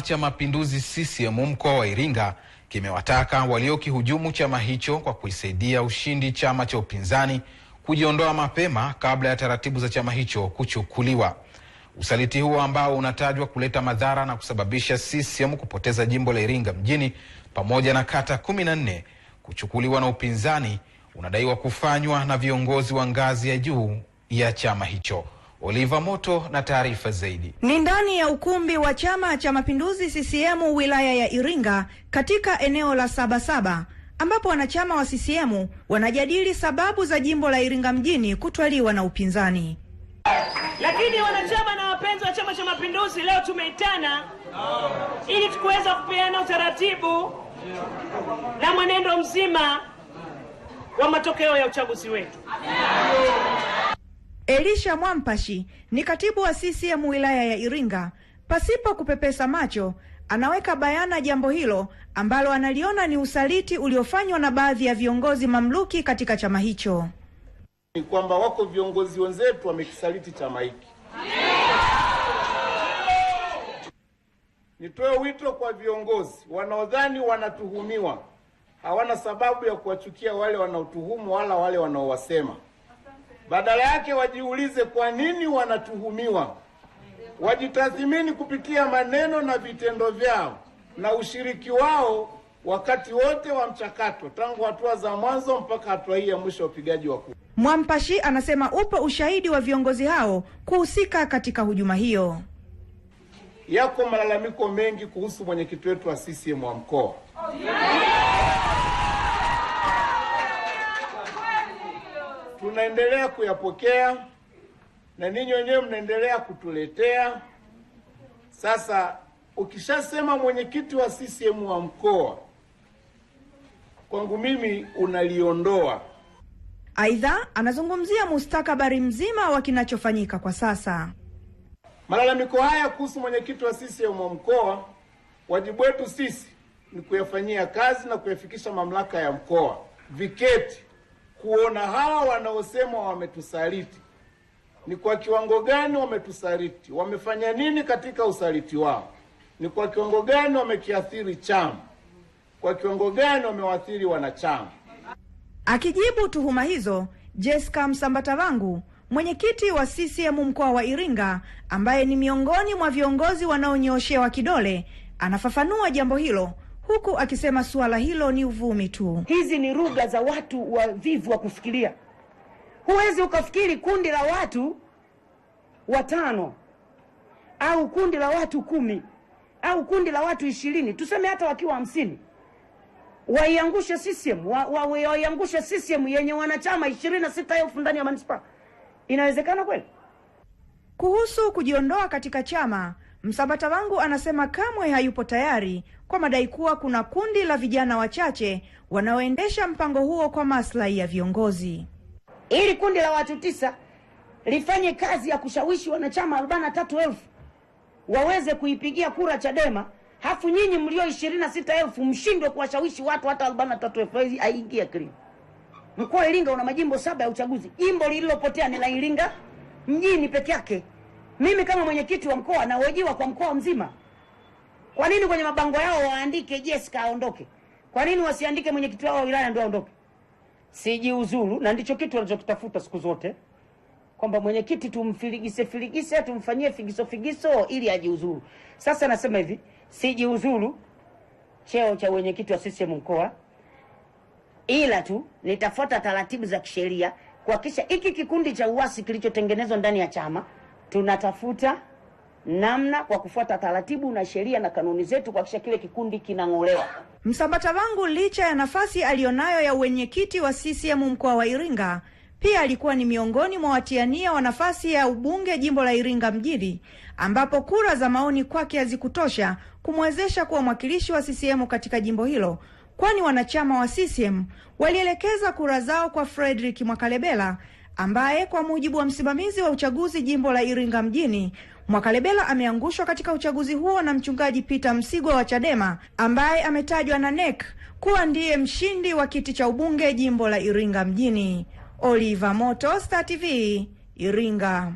cha Mapinduzi CCM mkoa wa Iringa kimewataka waliokihujumu chama hicho kwa kuisaidia ushindi chama cha upinzani kujiondoa mapema kabla ya taratibu za chama hicho kuchukuliwa. Usaliti huo ambao unatajwa kuleta madhara na kusababisha CCM kupoteza jimbo la Iringa mjini pamoja na kata kumi na nne kuchukuliwa na upinzani unadaiwa kufanywa na viongozi wa ngazi ya juu ya chama hicho. Oliva Moto na taarifa zaidi. Ni ndani ya ukumbi wa Chama cha Mapinduzi CCM wilaya ya Iringa katika eneo la Sabasaba ambapo wanachama wa CCM wanajadili sababu za jimbo la Iringa mjini kutwaliwa na upinzani. Lakini wanachama na wapenzi wa Chama cha Mapinduzi, leo tumeitana ili tukuweza kupeana utaratibu na mwenendo mzima wa matokeo ya uchaguzi wetu. Elisha Mwampashi ni katibu wa CCM wilaya ya Iringa, pasipo kupepesa macho anaweka bayana jambo hilo ambalo analiona ni usaliti uliofanywa na baadhi ya viongozi mamluki katika chama hicho. Ni kwamba wako viongozi wenzetu wamekisaliti chama hiki. Nitoe wito kwa viongozi wanaodhani wanatuhumiwa, hawana sababu ya kuwachukia wale wanaotuhumu wala wale wanaowasema badala yake wajiulize kwa nini wanatuhumiwa, wajitathimini kupitia maneno na vitendo vyao na ushiriki wao wakati wote wa mchakato, tangu hatua za mwanzo mpaka hatua hii ya mwisho ya upigaji wa kura. Mwampashi anasema upo ushahidi wa viongozi hao kuhusika katika hujuma hiyo. Yako malalamiko mengi kuhusu mwenyekiti wetu wa CCM wa mkoa, oh, yeah. tunaendelea kuyapokea na ninyi wenyewe mnaendelea kutuletea. Sasa ukishasema mwenyekiti wa CCM wa mkoa, kwangu mimi unaliondoa. Aidha, anazungumzia mustakabali mzima wa kinachofanyika kwa sasa. Malalamiko haya kuhusu mwenyekiti wa CCM wa mkoa, wajibu wetu sisi ni kuyafanyia kazi na kuyafikisha mamlaka ya mkoa. Viketi kuona hawa wanaosema wametusaliti ni kwa kiwango gani wametusaliti, wamefanya nini katika usaliti wao, ni kwa kiwango gani wamekiathiri chama, kwa kiwango gani wamewaathiri wanachama. Akijibu tuhuma hizo, Jessica Msambatavangu, mwenyekiti wa CCM mkoa wa Iringa, ambaye ni miongoni mwa viongozi wanaonyooshewa kidole, anafafanua jambo hilo huku akisema suala hilo ni uvumi tu. Hizi ni lugha za watu wavivu wa kufikiria. Huwezi ukafikiri kundi la watu watano au kundi la watu kumi au kundi la watu ishirini, tuseme hata wakiwa hamsini, waiangushe CCM wa, wa, waiangushe CCM yenye wanachama ishirini na sita elfu ndani ya manispaa. Inawezekana kweli? Kuhusu kujiondoa katika chama Msabata wangu anasema kamwe hayupo tayari kwa madai kuwa kuna kundi la vijana wachache wanaoendesha mpango huo kwa maslahi ya viongozi. Ili kundi la watu tisa lifanye kazi ya kushawishi wanachama arobaini tatu elfu waweze kuipigia kura Chadema, hafu nyinyi mlio ishirini na sita elfu mshindwe kuwashawishi watu hata arobaini tatu elfu aingia kilimu. Mkoa wa Iringa una majimbo saba ya uchaguzi. Jimbo lililopotea ni la Iringa mjini peke yake. Mimi kama mwenyekiti wa mkoa nahojiwa kwa mkoa mzima. Kwa nini kwenye mabango yao waandike Jessica aondoke? Kwa nini wasiandike mwenyekiti wao wa wilaya ndio aondoke? Sijiuzuru, na ndicho kitu wanachokitafuta siku zote, kwamba mwenyekiti tumfiligise filigise, tumfanyie figiso figiso ili ajiuzuru. Sasa nasema hivi, sijiuzuru cheo cha mwenyekiti wa CCM mkoa, ila tu nitafuata taratibu za kisheria kuhakikisha hiki kikundi cha uasi kilichotengenezwa ndani ya chama tunatafuta namna kwa kufuata taratibu na sheria na kanuni zetu kuhakikisha kile kikundi kinang'olewa. Msambata wangu licha ya nafasi aliyonayo ya uwenyekiti wa CCM mkoa wa Iringa, pia alikuwa ni miongoni mwa watiania wa nafasi ya ubunge jimbo la Iringa mjini, ambapo kura za maoni kwake hazikutosha kumwezesha kuwa mwakilishi wa CCM katika jimbo hilo, kwani wanachama wa CCM walielekeza kura zao kwa Frederick Mwakalebela ambaye kwa mujibu wa msimamizi wa uchaguzi jimbo la Iringa mjini Mwakalebela ameangushwa katika uchaguzi huo na mchungaji pita Msigwa wa Chadema ambaye ametajwa na NEC kuwa ndiye mshindi wa kiti cha ubunge jimbo la Iringa mjini. Oliver Moto, Star TV, Iringa.